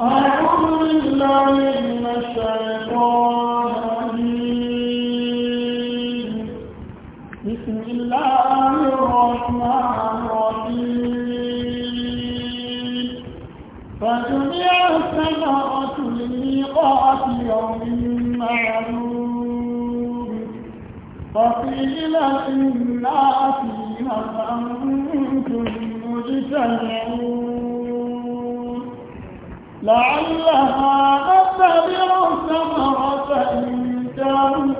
أعوذ بالله من الشيطان الرجيم بسم الله الرحمن الرحيم فتبع السماء لميقات يوم معلوم فقيل الناس هل أنتم مجتمعون لعلها أتبع ثمرة إن كانوا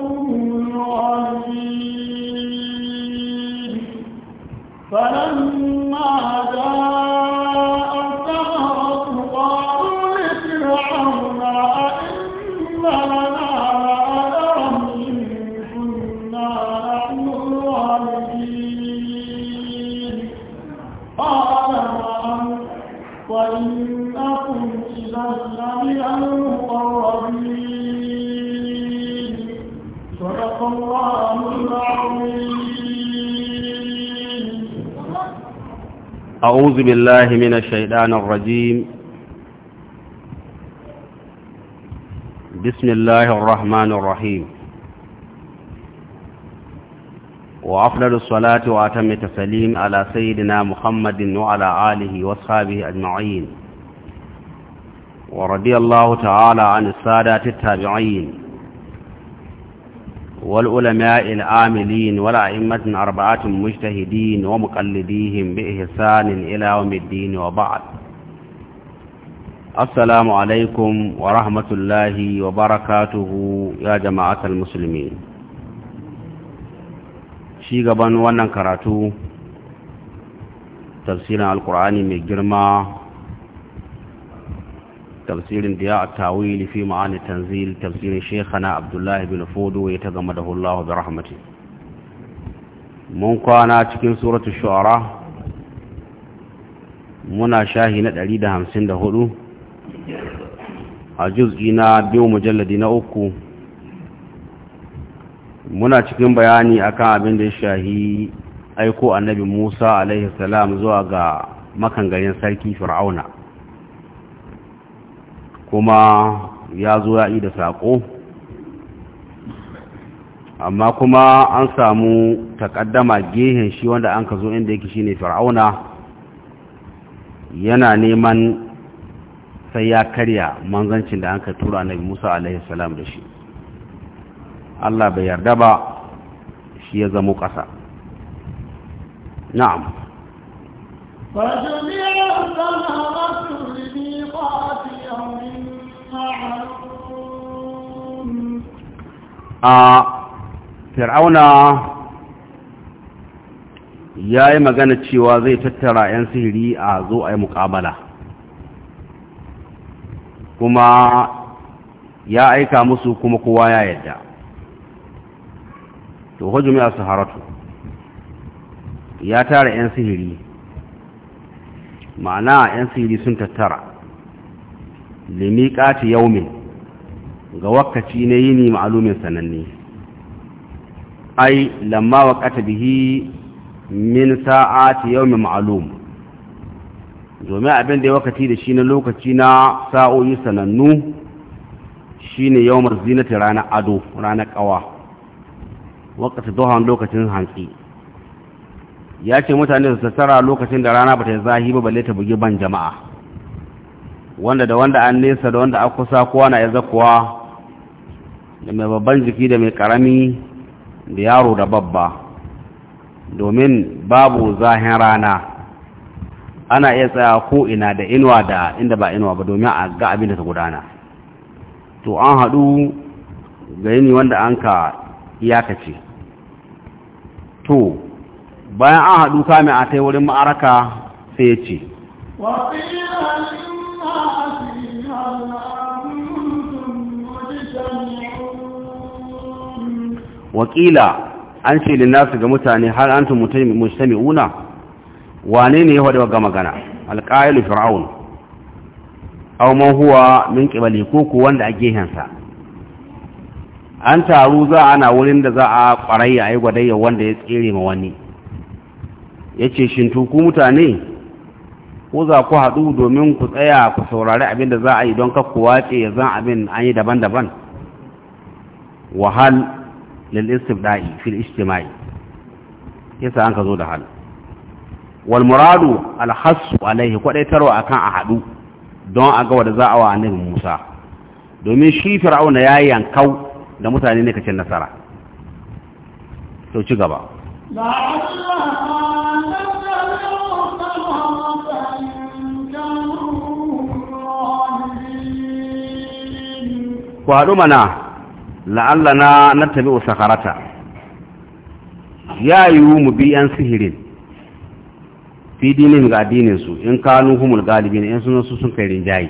أعوذ بالله من الشيطان الرجيم بسم الله الرحمن الرحيم وأفضل الصلاة وأتم التسليم على سيدنا محمد وعلى آله وأصحابه أجمعين ورضي الله تعالى عن السادات التابعين والعلماء العاملين والأئمة أربعة مجتهدين ومقلديهم بإحسان إلى يوم الدين وبعد السلام عليكم ورحمة الله وبركاته يا جماعة المسلمين شيغبان وننكراتو تفسير القرآن من جرمه تفسير ضياء التاويل في معاني التنزيل تفسير شيخنا عبد الله بن فودو يتغمده الله برحمته من كان cikin suratul shu'ara muna shahi na 154 a juz'i na biyu mujalladi na uku muna cikin bayani akan abin da ya shahi aiko annabi Musa alaihi salam zuwa ga makangarin sarki Fir'auna kuma ya zo ya da saƙo amma kuma an samu takaddama gehen shi wanda an ka zo inda yake shine fir'auna yana neman sai ya karya manzancin da an ka tura annabi musa alaihi salam da shi allah bai yarda ba shi ya zama ƙasa na'am فجميع السماوات لميقات a fir'auna ya yi magana cewa zai tattara 'yan sihiri a zo a yi mukamala kuma ya aika musu kuma kowa ya yadda to hujjumi a saharatu ya tara 'yan sihiri ma'ana 'yan sihiri sun tattara limiqati yaumin ga wakaci na yini ma'lumin sananni ai lamma waqata bihi min sa'ati yaumin ma'lum domin abin da ya wakati da shi na lokaci na sa'o'i sanannu shine yawmar zinati ranar ado ranar kawa wakati dohan lokacin hantsi ya ce mutane su tattara lokacin da rana ba ta zahi ba balle ta bugi ban jama'a wanda da wanda an nesa da wanda a kusa kowa na ya zakuwa da mai babban jiki da mai karami da yaro da babba domin babu zahin rana ana iya tsaya ko ina da inuwa da inda ba inuwa ba domin a ga abin da ta gudana to an haɗu ga yini wanda an ka iyakace to bayan an haɗu kame a ta wurin ma'araka sai ya ce wakila an ce linnasu ga mutane har an tun una wane ne yawa da waga magana alƙa'ilu fir'aun aw man huwa min qibali koko wanda a gehensa an taru za na wurin da za a ƙwarayya a yi gwadayya wanda ya tsere ma wani ya ce shintu ku mutane ko za ku haɗu domin ku tsaya ku saurari abin da za a yi don kakku wace ya zan abin an yi daban-daban wahal lil istibda'i fil ijtima'i yasa an ka zo da hal wal muradu al hassu alaihi akan a haɗu don a ga wanda za a wa annabi Musa domin shi fir'auna ya yankau da mutane ne kacin nasara to ci gaba ku haɗu mana la'alla na na tabi sakarata ya yiwu mu bi yan sihirin fi dinin ga addininsu in kanu humul galibin in sun su sun kai rinjaye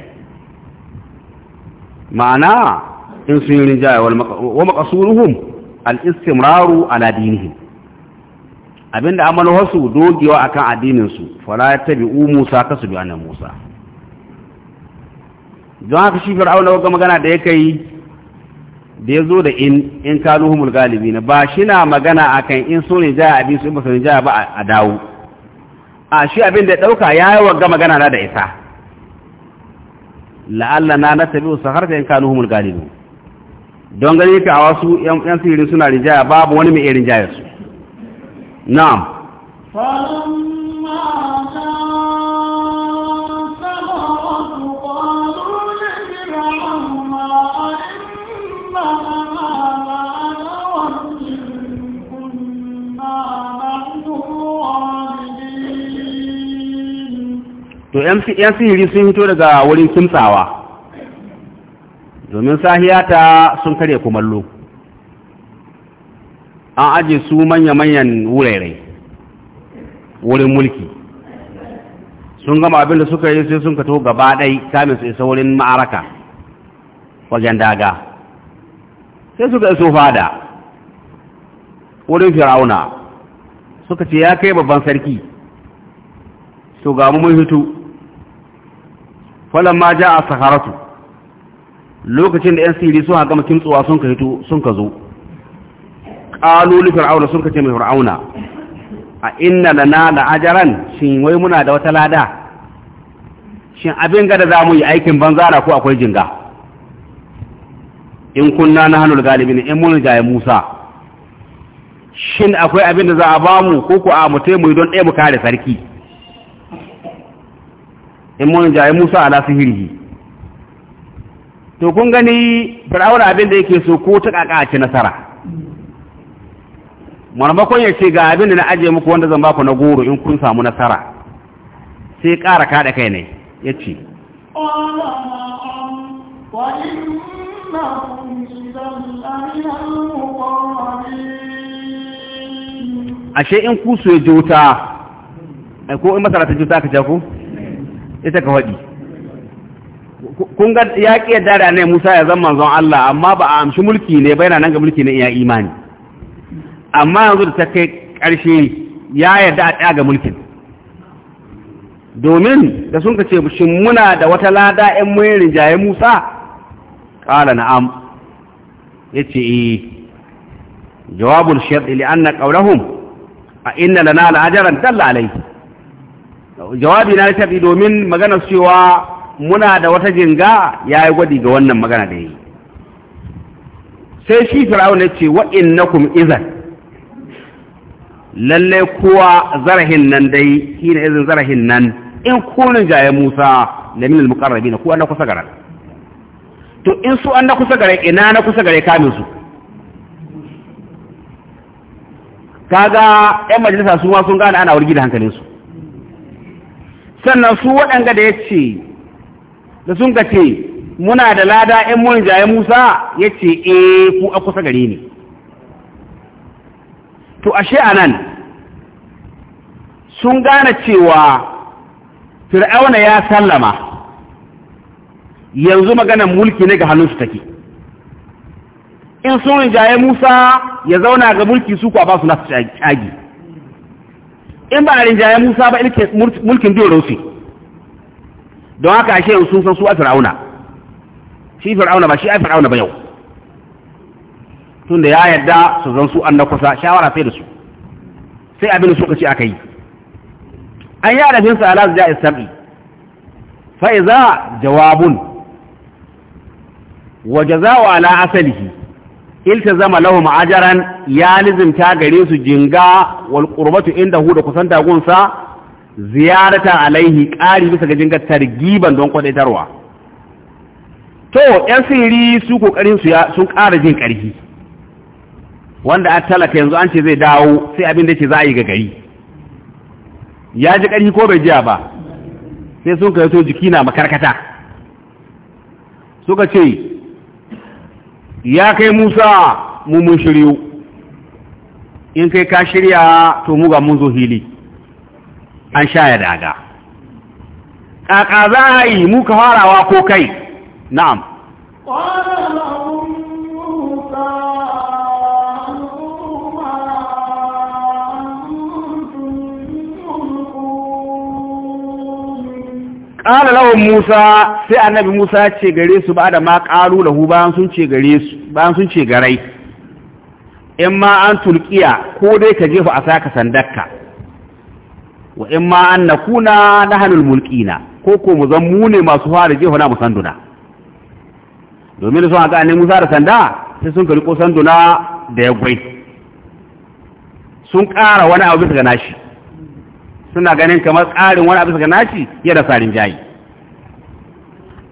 ma'ana in sun yi rinjaye wa maqasuruhum al-istimraru ala dinihim abinda amalu wasu dogewa akan addinin su fala tabi'u Musa kasu bi annabi Musa don haka shi fir'auna wagga magana da yake yi da ya zo da in in kanuhumul galibina ba shi na magana akan in so ne jaya abin su ba su ba a dawo a shi abin da ya ɗauka ya yi wagga magana na da isa la'alla na na tabi su harta in kanuhumul galibin don gani ka a wasu yan sirri suna rinjaya babu wani mai irin jayarsu na'am to yan sihiri sun hito daga wurin kimtsawa domin sahiyata sun karya kumallo an aje su manya-manyan wurare wurin mulki sun gama abinda suka yi sai sun kato gaba ɗai kamin su isa wurin ma'araka wajen daga sai suka iso fada wurin firauna suka ce ya kai babban sarki su gamu mun hito falamma ja'a saharatu lokacin da yan siri sun haƙa kimtsuwa sun ka hito sun ka zo qalu li fir'auna sun ka ce mai fir'auna a inna lana la ajran shin wai muna da wata lada shin abin ga da zamu yi aikin banza da ko akwai jinga in kunna na hanul galibin in mun ga Musa shin akwai abin da za a bamu ko ko a mutai mu don ɗaya mu kare sarki in mun jaye Musa ala sihiri to kun gani fir'auna abin da yake so ko ta kaka ci nasara marmakon ya ce ga abin da na aje muku wanda zan baku na goro in kun samu nasara sai ƙara kaɗa kai ne ya ce ashe in ku so ya jota ko in masara ta jota ka ka ku? ita ka faɗi kun ga ya ƙi yadda da ne Musa ya zama manzon Allah amma ba a amshi mulki ne ba yana nan ga mulki ne ya imani amma yanzu da ta kai ƙarshe ya yadda a ɗaga mulkin domin da sun ka ce shin muna da wata lada ‘yan mun rinjaye Musa ƙala na'am ya ce yi eh. jawabin shaɗi li'an na a inna lana al'ajaran dalla alai jawabi na tafi domin magana cewa muna da wata jinga ya yi gwadi ga wannan magana da yi sai shi fir'aun ya ce wa'innakum izan lallai kuwa zarahin nan dai shi ne izin zarahin nan in kunin jaye musa da minin mukarrabi na kuwa na kusa gara to in su an na kusa gara ina na kusa gara kamin su kaga yan majalisa su ma sun gane ana wargi da hankalinsu sannan su waɗanda da ya ce da sun ka ce muna da lada ‘yan mun jaye Musa ya ce e ku a kusa gare ne. to ashe a nan sun gane cewa fir'auna ya sallama yanzu maganar mulki ne ga hannunsu take in sun rinjaye Musa ya zauna ga mulki su kwa ba su nasu shagi in ba a rinjaye musa ba ilke mulkin biyu rufi don haka ashe yin sun san su a fir'auna shi fir'auna ba shi a fir'auna ba yau tun da ya yadda su zan su an na kusa shawara sai da su sai abin suka kaci aka yi an yi arafin sa ala zuwa isabi fa'iza jawabun wa jaza'u ala asalihi zama lahum ajran ya lizimta gare su jinga wal qurbatu hu da kusanta gunsa ziyarata alaihi ƙari bisa ga jinga targiban don kwadaitarwa to yan sirri su kokarin su ya sun ƙara jin ƙarfi wanda a talaka yanzu an ce zai dawo sai abin da ce za a yi ga gari ya ji ƙarfi ko bai jiya ba sai sun kai to jiki na makarkata suka ce ya kai musa mu mun shiryu in kai ka shirya to mu ga mun zo hili an shaya daga ƙaƙa za a yi muka farawa ko kai na'am qala lawan musa sai annabi musa ce gare su ba da ma qalu lahu bayan sun ce gare su bayan sun ce garai in ma an tulqiya ko dai ka jefa a saka sandarka wa in ma an nakuna nahnul mulkina ko ko mu zan mu ne masu fara jefa na musanduna domin sun ga annabi musa da sanda sai sun kari ko sanduna da ya gwai sun ƙara wani abu bisa ga nashi suna ganin kamar tsarin wani abu ga nashi ya da sarin jayi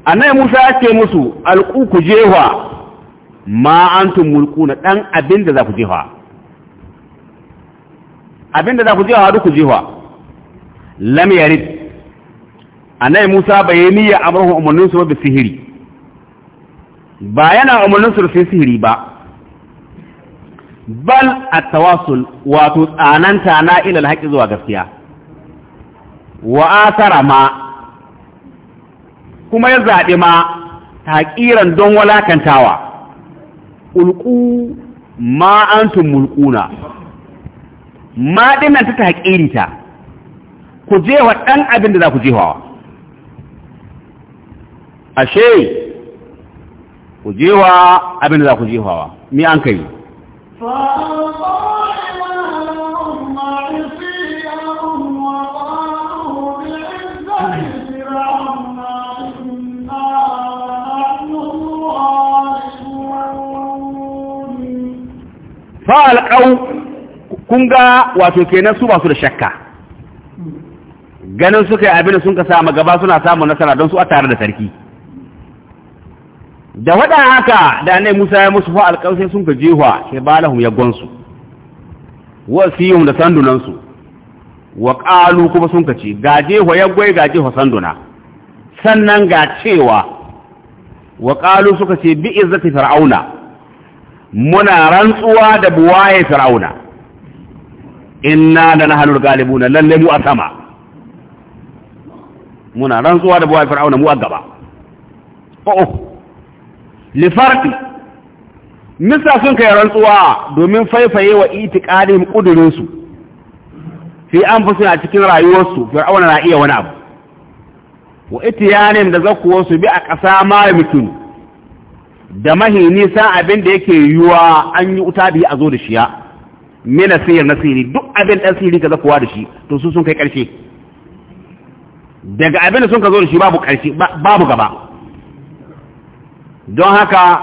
annai musa ya ce musu alƙu ku jewa ma antum na dan abin da za ku jehwa. abin da za ku jehwa duk ku jewa lam yarid annai musa bai yi niyya amurhu umarnin su ba sihiri ba yana umarnin su da sihiri ba bal at tawasul wato tsananta na ila alhaqi zuwa gaskiya wa asara ma kuma ya zaɓi ma taƙiran don walakantawa ulku ma antum mulkuna ma dinnan ta taƙiri ta ku jewa ɗan abin da za ku jewawa ashe ku jewa abin da za ku jewawa mi an kai fa alƙawu, kun ga wato kenan su ba su da shakka ganin suka yi abin sun ka samu gaba suna samun nasara don su a tare da sarki da waɗa haka da ne musa ya musu fa alƙawu sai sun ka jihwa sai ba balahum ya gonsu yi da sandunansu wa ƙalu kuma sun ka ga gaje ya yaggwai gaje wa sanduna sannan ga cewa wa ƙalu suka ce bi izzati fir'auna muna rantsuwa da buwaye fir'auna inna da na halul galibuna lalle mu a sama muna rantsuwa da buwaye fir'auna mu a gaba o'o oh, oh. lifarki nisa sun kai rantsuwa domin faifaye wa itikadin kudurinsu sai an fi suna cikin rayuwarsu fir'auna na iya wani abu wa itiyanin da zakuwarsu bi a ƙasa ma mutum da mahi nisa abin da yake yiwa an yi wuta yi a zo da shiya mina sihir na sihiri duk abin ɗan sihiri ka zafuwa da shi to su sun kai ƙarshe daga abin da sun ka zo da shi babu ƙarshe babu gaba don haka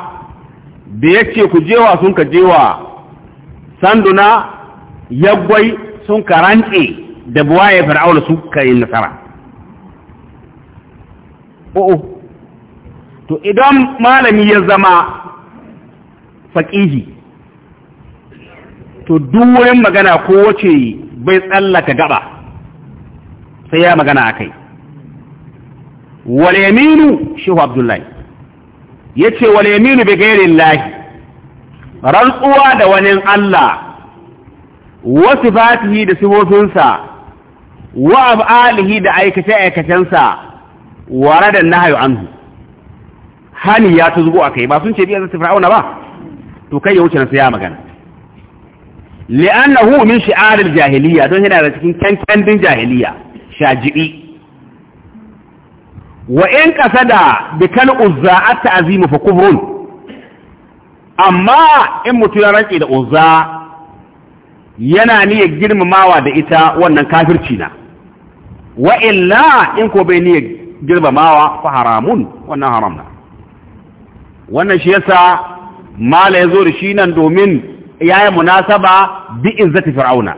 da ya ce ku jewa sun ka jewa sanduna yaggwai sun ka rantse da buwaye fir'aula su ka yi nasara oh, oh. to idan malami ya zama faƙihi to duk magana ko wace bai tsallaka gaba sai ya magana a kai Minu shehu abdullahi ya ce Minu bai gairin lahi rantsuwa da wani Allah wasu fatihi da sifofinsa wa af'alihi da aikace-aikacensa ware da nahayu anhu hani ya ta zubo kai ba sun ce biyan zai fir'auna ba to kai ya wuce na sai ya magana li'annahu min shi'aril jahiliya don yana da cikin kankandin jahiliya shaji'i wa in qasada bi kal uzza at ta'zimu fa kufurun amma in mutu ya rake da uzza yana niyyar girmamawa da ita wannan kafirci na wa illa in ko bai niyyar girmamawa fa haramun wannan haram na wannan shi yasa mala ya zo da shi nan domin ya yi munasaba bi izzati fir'auna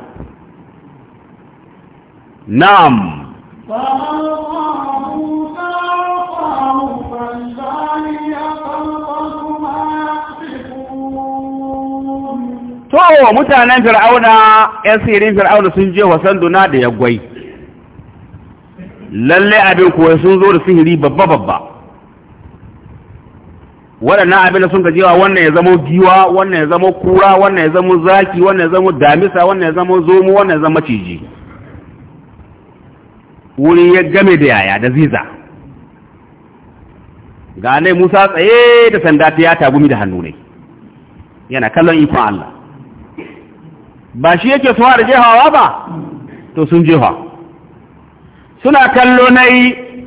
na'am To mutanen fir'auna ‘yan sirin fir'auna sun je wasan duna da yagwai. lalle abin kuwa sun zo da sihiri babba-babba. waɗannan abin da sun ka jewa wannan ya zamo giwa wannan ya zamo kura wannan ya zamo zaki wannan ya zamo damisa wannan ya zamo zomo wannan ya zamo maciji wuri ya game da yaya da ziza ga nai musa tsaye da sanda ta yata gumi da hannu ne yana kallon ikon allah ba shi yake suwa da jehawa ba to sun jehawa suna kallo na yi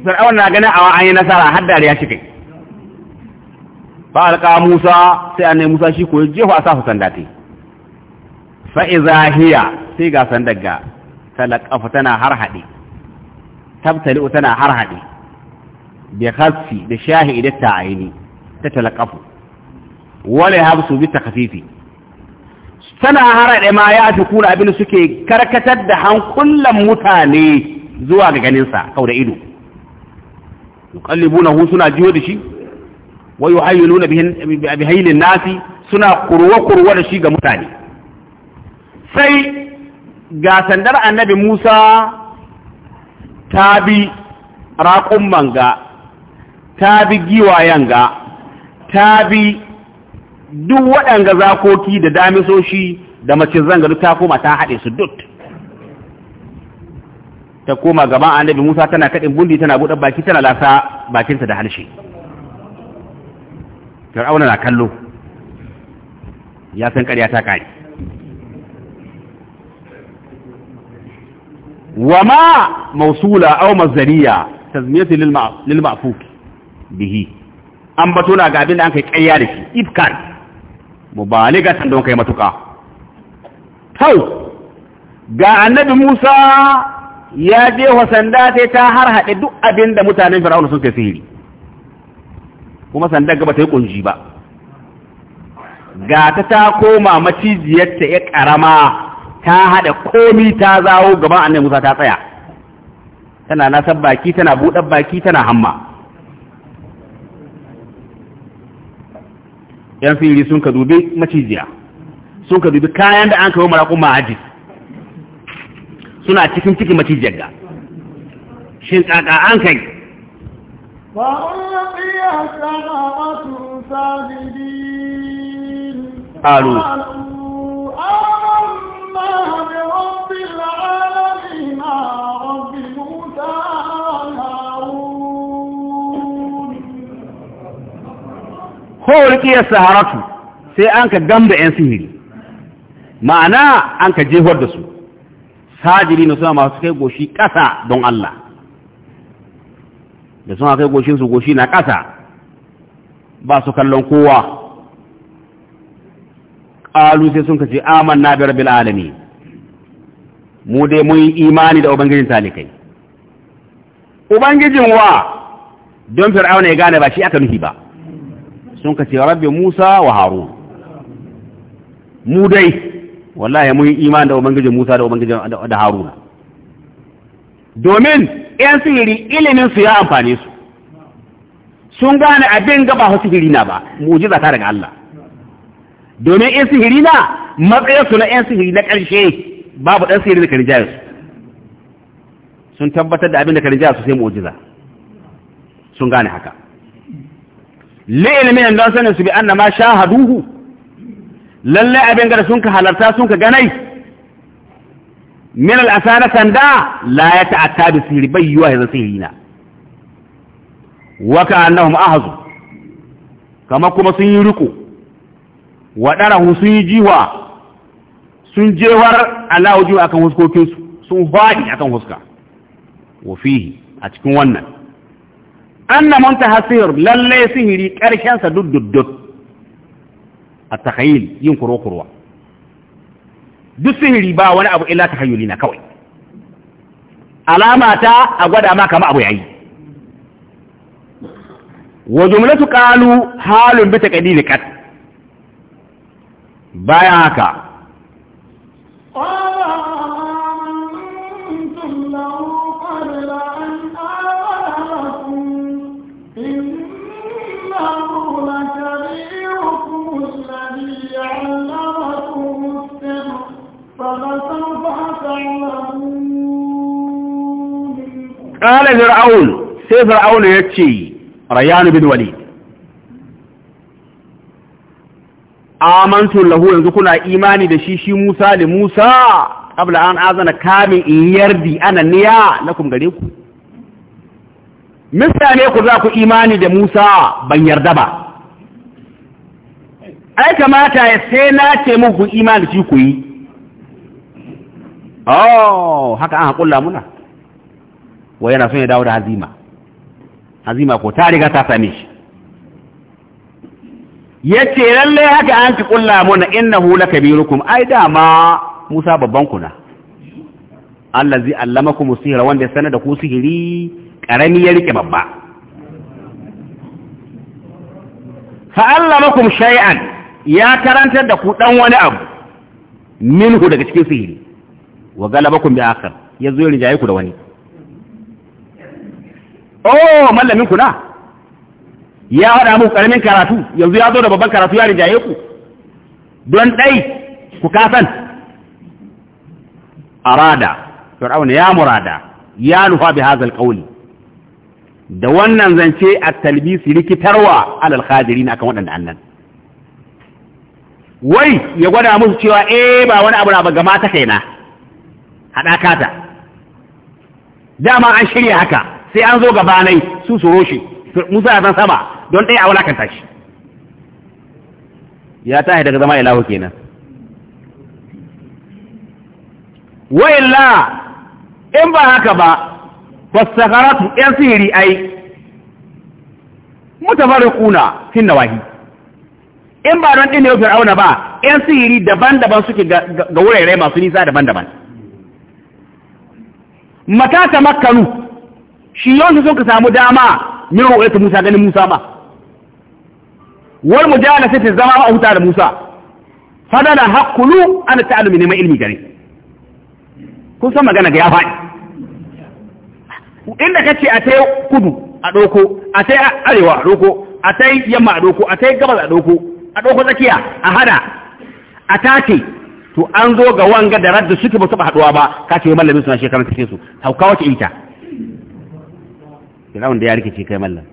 fir'aun na ganin awa an yi nasara har dariya shi kai fa alqa musa sai annai musa shi ko jefa a safa sanda tai fa idza hiya sai ga sandar ga talaqafa tana har hade tabtali tana har hade bi khasfi da shahi da aini ta talaqafu wala habsu bi takfifi tana harade ma ya tukuna abin suke karkatar da hankulan mutane zuwa ga ganinsa kau da ido yuqallibuna hu suna jiyo da shi wa yuhayyiluna bi haylin nasi suna kurwa kurwa da shi ga mutane sai ga sandar annabi Musa ta bi raƙun manga ta bi giwayen ga ta bi duk waɗanga zakoki da damisoshi da mace zanga duk ta koma ta haɗe su duk ta koma gaban annabi Musa tana kaɗin bundi tana buɗe baki tana lasa bakinta da harshe fir'auna na kallo ya san ƙarya ta kai wa ma mausula aw mazariya tazmiyatu lil lil ma'fuk bihi an bato na ga abin da an kai ƙarya da shi ibkan mubaligatan don kai matuka hau ga annabi Musa ya je wasan da ta har haɗe duk abin da mutanen fir'auna sun suke sihiri kuma sandan gaba ta yi ƙunji ba ga ta ta koma maciziyarta ya ƙarama ta haɗa komi ta zawo gaban annabi Musa ta tsaya tana nasar baki tana buɗar baki tana hamma yan fili sun ka dubi maciziya sun ka dubi kayan da an kawo marakun ma'aji suna cikin cikin maciziyar ga shin ƙaƙa an kai سحرة ساجدين قالوا sai an ka gamba 'yan sihiri ma'ana an ka jefar da su sajiri na suna masu kai goshi ƙasa don Allah da suna kai goshinsu goshi na ƙasa ba su kallon kowa ƙalu sai sun kace aman na biyar bil alami mu dai mun yi imani da ubangijin talikai ubangijin wa don fir'auna ya gane ba shi aka nufi ba sun kace rabbi musa wa haru mu dai wallahi mun yi imani da ubangijin musa da ubangijin da haruna domin 'yan sihiri ilimin su ya amfane su sun gane abin gaba ba sihiri na ba mu'jiza ta daga Allah domin in sihiri na matsayinsu na 'yan sihiri na ƙarshe babu ɗan sihiri da su sun tabbatar da abin da su sai mu'jiza sun gane haka li'ilmin don sanin su bi annama ma shahaduhu lalle abin da sun ka halarta sun ka ganai min al na sanda la ya ta'atta bi sihiri bai yuwa ya sihiri na waka annahum ahzu kama kuma sun yi riko wadarahu sun yi jiwa sun jewar Allahu jiwa akan huskokin su sun fadi akan huska wa fihi a cikin wannan anna muntaha sihir lalle sihiri karshen sa dudduddud at-takhayyul yin kuro duk sihiri ba wani abu illa tahayyuli na kawai alama ta a gwada ma kama abu yayi وجملة قالوا حال بتقدير قد بايعك قال آمنتم له قبل أن لكم إنه لكبيركم الذي علمكم السر فلسوف تعلمون قال فرعون sai fir'auna rayyan bin walid amantu lahu yanzu kuna imani da shi shi Musa li Musa qabla an azana kamin in yardi ana niya lakum gare ku misale ku za ku imani da Musa ban yarda ba ai kamata ya sai na ce muku imani shi ku yi oh haka an haƙulla muna wa yana son ya dawo da hazima azima ko ta riga ta same shi yace lalle haka an ci kulla mun innahu lakabirukum ai dama Musa babban ku na allazi allamakum sihra wanda ya sanar da ku sihiri karami ya rike babba fa allamakum shay'an ya karantar da ku dan wani abu minhu daga cikin sihiri wa galabakum bi akhar yazo ya rijaye ku da wani oh mallamin kuna ya haɗa muku ƙaramin karatu yanzu ya zo da babban karatu ya rijaye ku don ɗai ku kasan arada fir'auna ya murada ya nufa bi hazal qawli da wannan zance a talbisi rikitarwa alal khadirin akan waɗanda annan wai ya gwada musu cewa eh ba wani abu na ba gama ta kaina haɗaka dama an shirya haka sai an zo gabanai su su roshe musa ya zan sama don ɗaya a wulakanta shi ya tahi daga zama ilahu kenan wa'illa in ba haka ba fasakaratu ‘yan sihiri ai mutafarriquna fin nawahi in ba don dinewa fir'auna ba ‘yan sihiri daban-daban suke ga wurare masu nisa daban-daban mata ta makkanu shi yawanci sun ka samu dama min ta Musa ganin Musa Wani wal mujala sai zama a huta da Musa fadala haƙulu ana ta'allumi neman ilmi gare kun san magana ga ya faɗi inda kace a tai kudu a doko a tai arewa a doko a tai yamma a doko a tai gabas a doko a doko tsakiya a hada a tace to an zo ga wanga da radda suke ba su haɗuwa ba yi mallamin suna shekaran cikin su hauka wace ita firawun da ya rikice kai mallan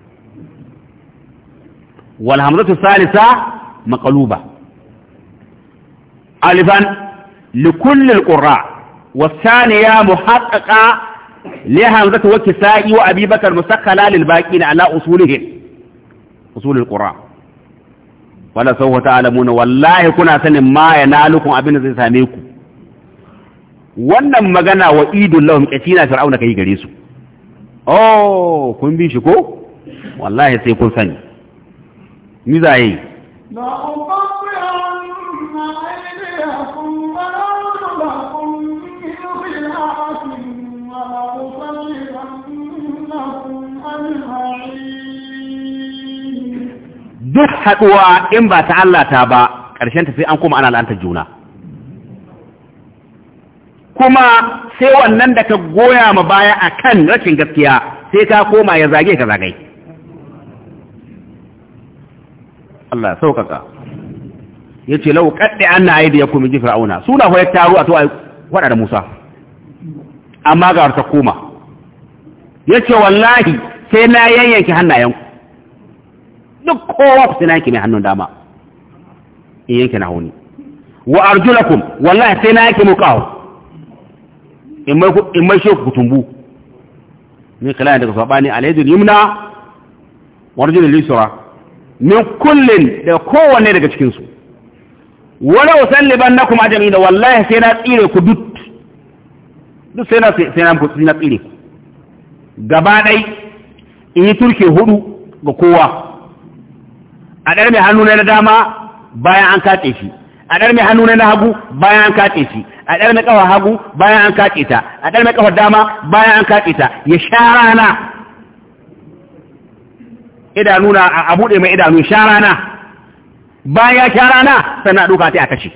wal hamzatu salisa maqluba alifan li kulli alqurra والثانية محققة لهمزة وكسائي وأبي بكر مسخلة للباقين على أصولهم أصول القرآن ولا سوف تعلمون والله كنا سن wannan magana wa idun lahum fir'auna kai gare su oh kun bi shi ko wallahi sai kun sani ni za yi duk haɗuwa in ba ta Allah ta ba ƙarshen ta sai an kuma ana la'antar juna kuma sai wannan da ka goya ma baya a kan rashin gaskiya sai ka koma ya zage ka zagai Allah sauƙaƙa ya ce lau kaɗe an na da ya komi jifar auna suna ya taro a to a waɗa da musa amma ga ta koma ya ce wallahi sai na yanyanki hannayenku duk kowa ku sai na yanki mai hannun dama in yanki na hauni wa arjulakum wallahi sai na yanki kawo. in mai sheku kutumbu ne kalayen daga saɓani alaidul yumna warjin lisura min kullin da kowanne daga cikinsu wani wasan liban na kuma jami'i da wallahi sai na tsire ku duk duk sai na tsire ku gaba ɗai in yi turke hudu ga kowa a ɗar mai hannu na dama bayan an kace shi a ɗarme hannu na hagu bayan an kaƙe shi a ɗarme ƙafa hagu bayan an kaƙe ta a ɗarme ƙafa dama bayan an kaƙe ta ya sha rana idanu na a buɗe mai idanu sha rana bayan ya sha rana sannan a ɗuka ta a kashe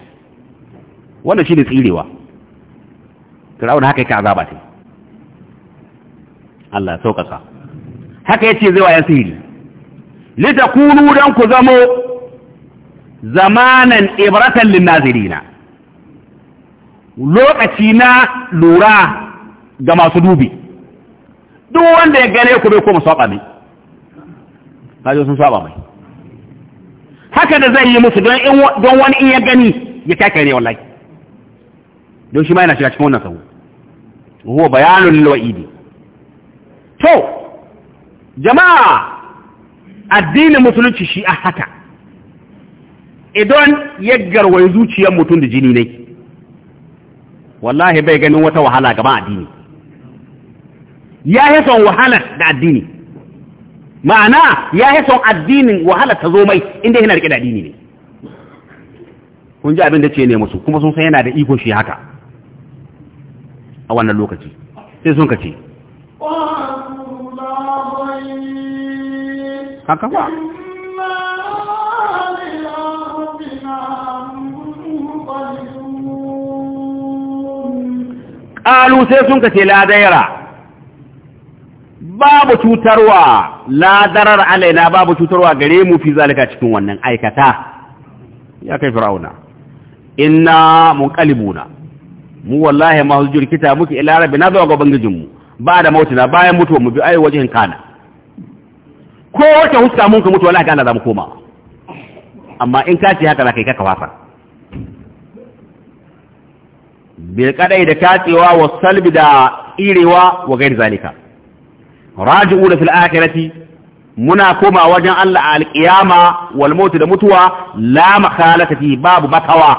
wannan shi ne tsirewa firawun haka yake azaba ta Allah ya sauƙaƙa haka ya ce zai wa ya sihiri litakunu dan ku zamo zamanan ibratan linnazirina lokaci na lura ga masu dubi duk wanda ya gane ku bai koma saba mai kaje sun saba mai haka da zai yi musu don wani in ya gani ya ne wallahi don shi ma yana shiga cikin wannan sahu huwa bayanun lawa'idi to jama'a addinin musulunci shi a haka idan ya garwai zuciyar mutum da jini ne wallahi bai ganin wata wahala gaban addini ya yi son wahala da addini ma'ana ya yi son addinin wahala ta zo mai inda yana rike da addini ne kun ji abin da ce ne musu kuma sun san yana da ikon shi haka a wannan lokaci sai sun ka haka ba ƙalu sai sun ka ce ladaira babu cutarwa ladarar alaina babu cutarwa gare mu fi zalika cikin wannan aikata ya kai fir'auna inna munqalibuna mu wallahi ma hujjur kita muke ila na zuwa ga bangijin mu ba da mautina bayan mutuwa mu bi ai wajen kana ko wace huska mun ka mutu wallahi kana za mu koma amma in ka ce haka za kai ka kawasa bil kadai da tatsewa wa salbi da irewa wa gairi zalika raji'u da fil akhirati muna koma wajen Allah a alƙiyama wal mautu da mutuwa la makhalata fi babu makawa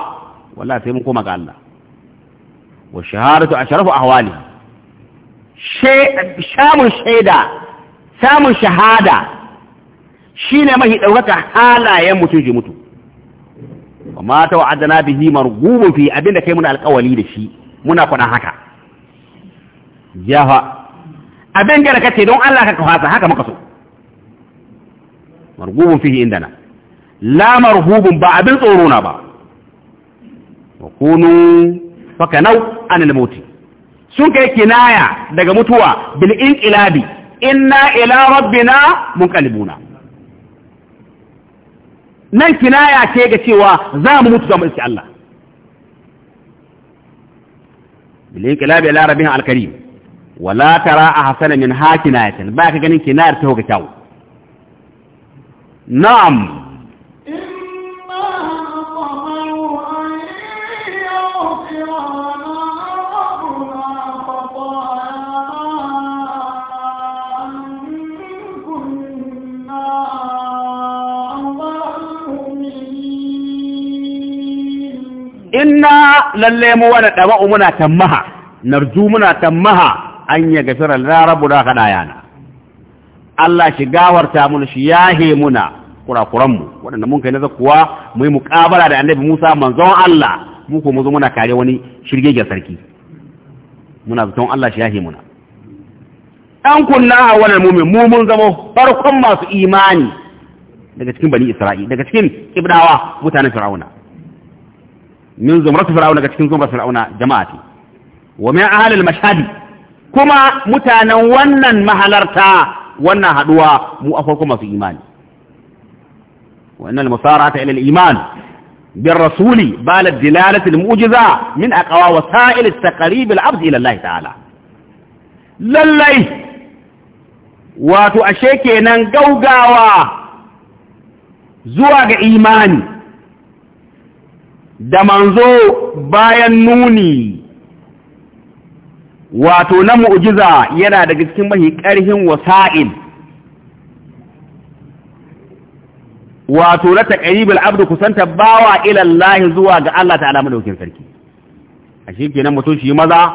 wallahi sai mun koma ga Allah wa shahadatu ashrafu ahwali shamun shaida samun shahada shine mahi daukaka halayen mutum ji mutu wa ma tawa'adna bihi marghubun fi abinda kai muna alƙawali da shi muna faɗa haka jaha abin da kace don Allah ka kawasa haka muka so marghubun fihi indana la marhubun ba abin tsoro na ba wa kunu kanau anil mauti sun kai kinaya daga mutuwa bil inqilabi inna ila rabbina munqalibuna nan kinaya ce ga cewa za mu mutu za mu iske Allah bilin kilabi larabin alkari alkarim wala tara ahsana min hakinayatan ba ka ganin kinayar ta ga kyau na'am inna lalle mu wani ɗaba muna tammaha narju muna tammaha an ya gafira na rabu da kaɗa yana Allah shi gawarta mun shi yahe muna kurakuranmu waɗanda mun kai nazar kuwa mu yi muƙabala da annabi Musa manzon Allah mu ko mu zo muna kare wani shirgegen sarki muna zaton Allah shi yahe muna ɗan kunna a wannan mumin mu mun zamo farkon masu imani daga cikin bani Isra'i daga cikin ibdawa mutanen Fir'auna من زمرة فرعون كتكن زمرة فرعون جماعتي ومع أهل المشهد كما متنونا مهلرتا وانا هدوا مؤفركما في إيمان وإن المسارعة إلى الإيمان بالرسول بالت دلالة المؤجزة من أقوى وسائل التقريب العبد إلى الله تعالى للي واتو أشيكي ننقوقا زواج إيماني da manzo bayan nuni wato na mu'jiza yana daga cikin mahi ƙarfin wasa'il wato na taqribul abdu kusanta bawa ila Allah zuwa ga Allah ta'ala madaukin sarki a kenan mutum shi maza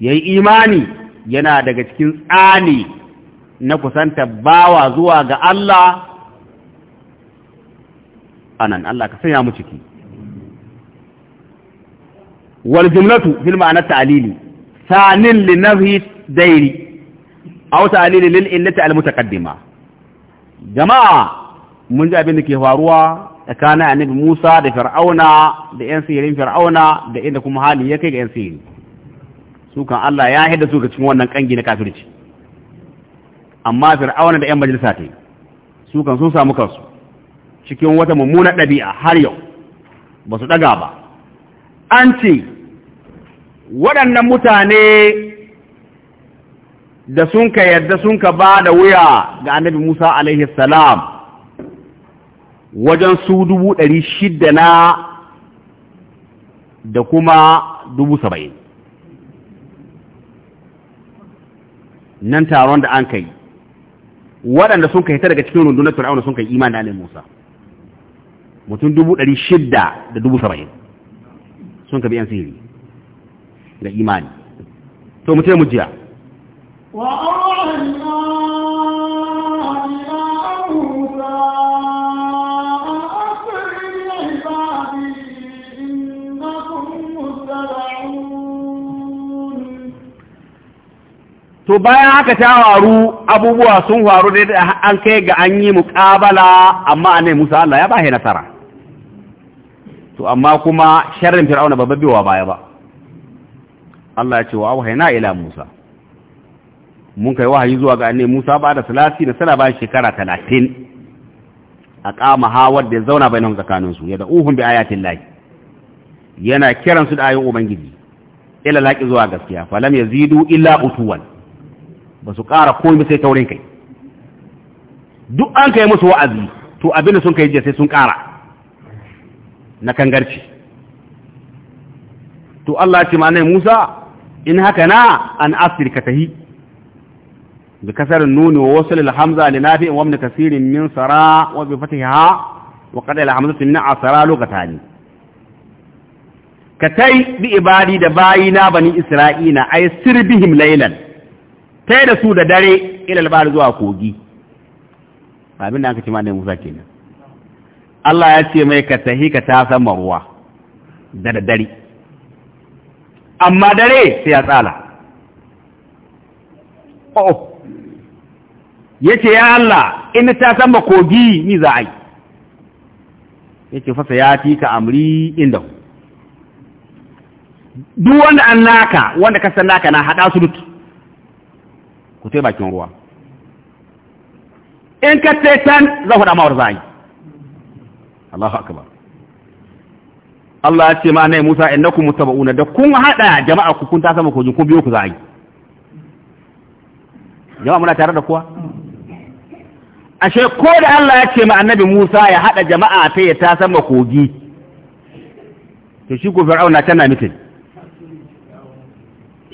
yayi imani yana daga cikin tsani na kusanta bawa zuwa ga Allah anan Allah ka sanya mu ciki wal jumlatu fil ma'ana ta'lili sanin li nafhi dairi aw ta'lili lil illati al mutaqaddima jama'a mun ji abin da ke faruwa tsakanin annabi Musa da Fir'auna da ƴan Fir'auna da inda kuma hali ya kai ga ƴan su kan Allah ya haida su ga cikin wannan kangi na kafirci amma Fir'auna da ƴan majalisa ta su kan sun samu kansu cikin wata mummunar ɗabi'a har yau ba su ɗaga ba an ce waɗannan mutane da sun ka yadda sun ka ba da wuya ga annabi Musa alaihi salam wajen su dubu ɗari shida na da kuma dubu saba'in nan taron da an kai waɗanda sun ka hita daga cikin rundunar fir'auna sun ka yi imanin annabi Musa mutum dubu ɗari shida da dubu saba'in sun ka bi yan sihiri da imani to mu mu jiya to bayan haka ta waru abubuwa sun waru da an kai ga an yi muƙabala amma a musa Allah ya bahe nasara to amma kuma sharrin fir'auna babbabewa baya ba Allah ya ce wa na ila Musa mun kai wahayi zuwa ga annabi Musa ba da salati da sana ba shekara 30 aqama hawar da zauna bainahum tsakanin su ya da'uhum bi ayatin lahi yana kiran su da ayoyin ubangiji ila laqi zuwa gaskiya falam yazidu illa utuwan ba su ƙara komai sai taurin kai duk an kai musu wa'azi to abinda sun kai jiya sai sun ƙara na kangarci to Allah ya ce ma Musa in haka na an asir ka tahi bi kasarin nuni wa wasu lil hamza li nafi'in wa ibn kasirin min sara wa bi fatiha wa qad al hamzatu min asara lokatani ka tai bi ibadi da bayina bani isra'ila ay sirbihim laylan tai da su da dare ila al zuwa kogi abin da aka ce malamin Musa kenan Allah ya ce mai ka tahi ka ta san maruwa da dare. amma dare sai ya tsala oh, oh yace ya Allah in ta san ba kogi ni za a yi yace fasa ya fi ka amri inda duk wanda an naka wanda ka san naka na haɗa su duk ku tai bakin ruwa in ka tai tan za ku da mawar za a yi Allahu akbar Allah ya ce ma nai Musa innakum mutaba'una da kun hada jama'a ku kun ta sama kojin kun biyo ku za yi jama'a muna tare da kowa ashe ko da Allah ya ce ma annabi Musa ya hada jama'a ta ya ta sama to shi ko Fir'auna tana mitin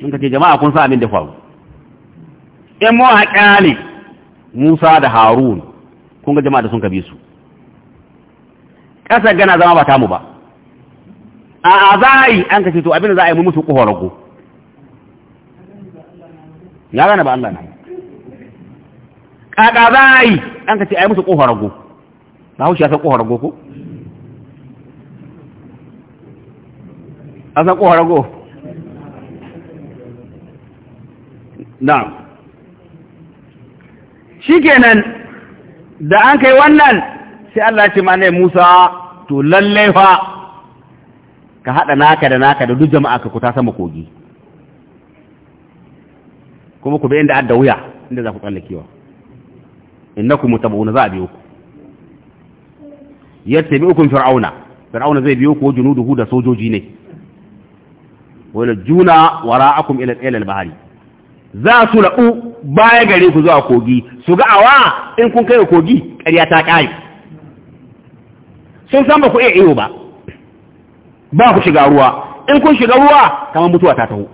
mun kace jama'a kun sa amin da faru in mu haƙali Musa da Harun kun ga jama'a da sun kabe su ƙasa gana zama ba tamu ba a za a yi an kashe to abin da za a yi mu mutu ƙofar rago ya gane ba Allah na ƙaƙa za a yi an kashe a yi mutu ƙofar rago ba haushi ya san ƙofar rago ko an san ƙofar rago shi shikenan da an kai wannan sai Allah ya ce ma ne Musa to lallai fa ka haɗa naka da naka da duk jama'a ka kuta sama kogi kuma ku bi inda adda wuya inda za ku tsallakewa mutaba wuna za a biyo ku bi ukun fir'auna fir'auna zai biyo ku junuduhu da sojoji ne wani juna wa ila ila al-bahri za su laɓu baya gare ku zuwa kogi su ga awa in kun kai kogi ƙarya ta ƙari sun san ba ku iya iyo ba ba ku shiga ruwa in kun shiga ruwa kamar mutuwa ta taho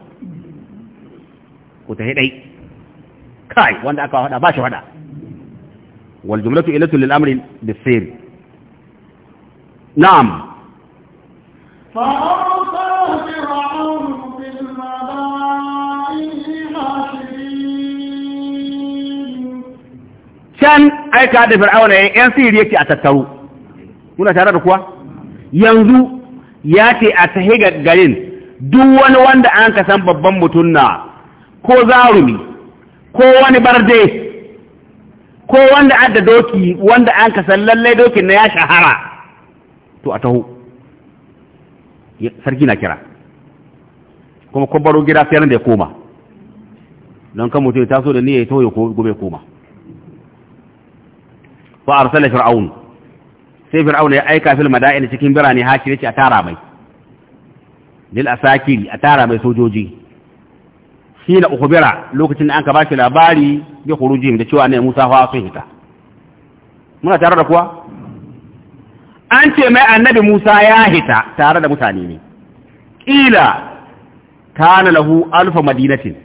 ku tafi dai kai wanda aka faɗa ba shi faɗa wal jumlatu ilatu lil amri bisir na'am can aika da fir'auna yan sirri yake a tattaru muna tare da kuwa yanzu ya ce a sahi garin duk wani wanda an ka san babban mutum na ko zarumi ko wani barde ko wanda adda doki wanda an ka san lallai dokin na ya shahara to a taho sarki na kira kuma kwabbaro gida sai da ya koma don kan mutum ta so da niyya ya taho ya gobe koma fa arsala fir'aun sai fir'auna ya aika fil mada'in cikin birane hakiri ce a tara mai lil asakiri a tara mai sojoji shi na ukhbira lokacin da an ka bashi labari ya khurujihim da cewa ne Musa fa sun hita muna tare da kuwa an ce mai annabi Musa ya hita tare da mutane ne kila kana lahu alfa madinatin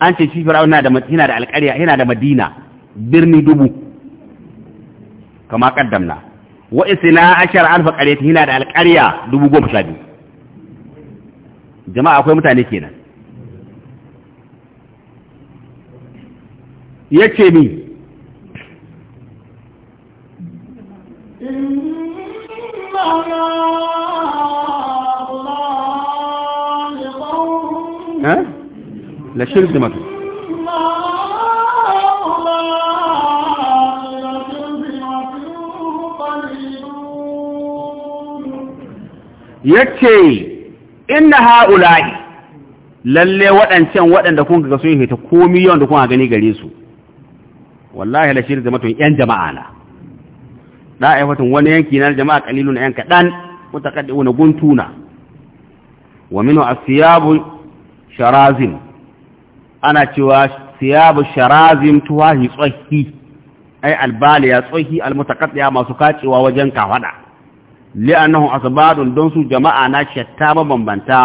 an ce shi fir'auna da da alƙarya yana da madina birni dubu kama kaddamna wa isna ashar alfa qaryati hina da alqarya biyu jama'a akwai mutane kenan yace ni ها لا شرد ما yace inna haula'i lalle waɗancan waɗanda kun ga sun hita komi yawan da kun gani gare su wallahi la shirka matun yan jama'a na da'ifatun wani yanki na jama'a qalilun yan kadan mutaqaddiuna guntuna wa a asyabu sharazim ana cewa siyabu sharazim tuwahi tsohi ai albaliya tsohi almutaqaddiya masu kacewa wajen kafada li'annahum asbadun don su jama'a na shatta mabambanta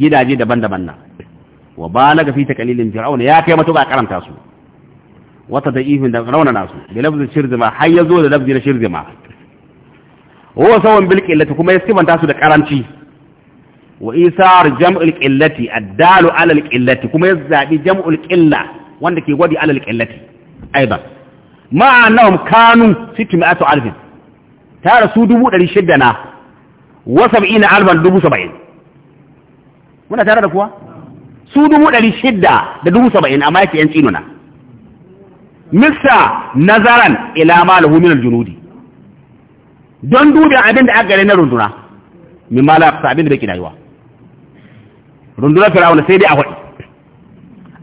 gidaje daban-daban na wa balaga fi taqlilin fir'auna ya kai matuƙa karanta su wata da ihun da rauna nasu da lafzin shirzima har yazo da lafzin shirzima huwa sawan bil qillati kuma ya sibanta su da karanci wa isar jam'ul qillati addalu ala al qillati kuma ya zabi jam'ul qilla wanda ke gwadi ala al qillati aidan ma'anahum kanu 600 alfin ta rasu dubu ɗari shidda na wa sab'ina alban dubu saba'in muna tare da kuwa su dubu ɗari shidda da dubu saba'in amma yake yan tsinuna mista nazaran ila malahu min aljunudi don dubin abin da aka gare na runduna min mala abin da bai kidayuwa rundunar firawuna sai dai a faɗi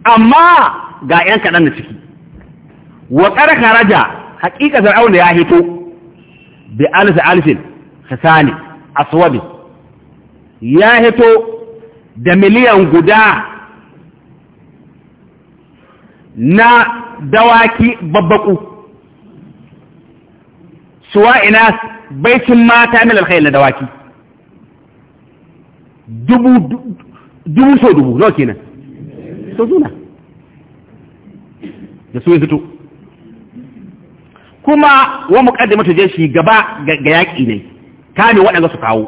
amma ga ‘yan kaɗan da ciki wa ƙarƙa raja haƙiƙa zar'auna ya hito bi alif alifin khisani aswadi ya hito da miliyan guda na dawaki babbaku suwa ina baitin mata min alkhair na dawaki dubu dubu so dubu nawa kenan so zuna da su ya fito kuma wa je jeshi gaba ga yaki ne kame waɗanda su kawo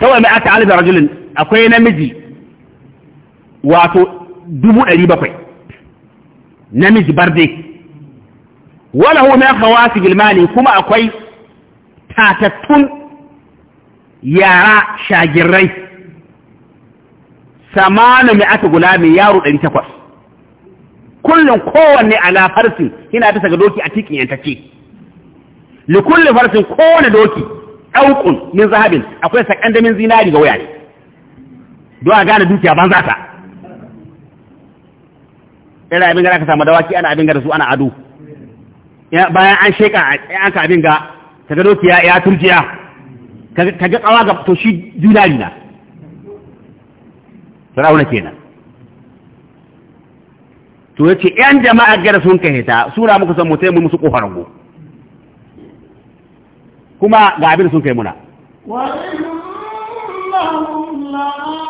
saboda mai aka alif rajulin akwai namiji wato dubu ɗari bakwai namiji barde wala hu min khawasi gilmani kuma akwai tatattun yara shagirrai samanu mai aka gulami yaro ɗari takwas kullum kowanne ala farsin yana ta saka doki a cikin yantace li kulli farsin kowanne doki aukun min zahabin akwai damin zinari ga waya ne don a gane dukiya ban zata ira abin gara ka samu dawaki ana abin gara su ana ado bayan an sheka an ka abin ga kaga dokiya ya turjiya kaga kawa ga to shi zinari na sarauna kenan to yace yan jama'a gara sun su sura muku san mutai mu musu kofar go kuma ga abin sun kai muna wa innahum la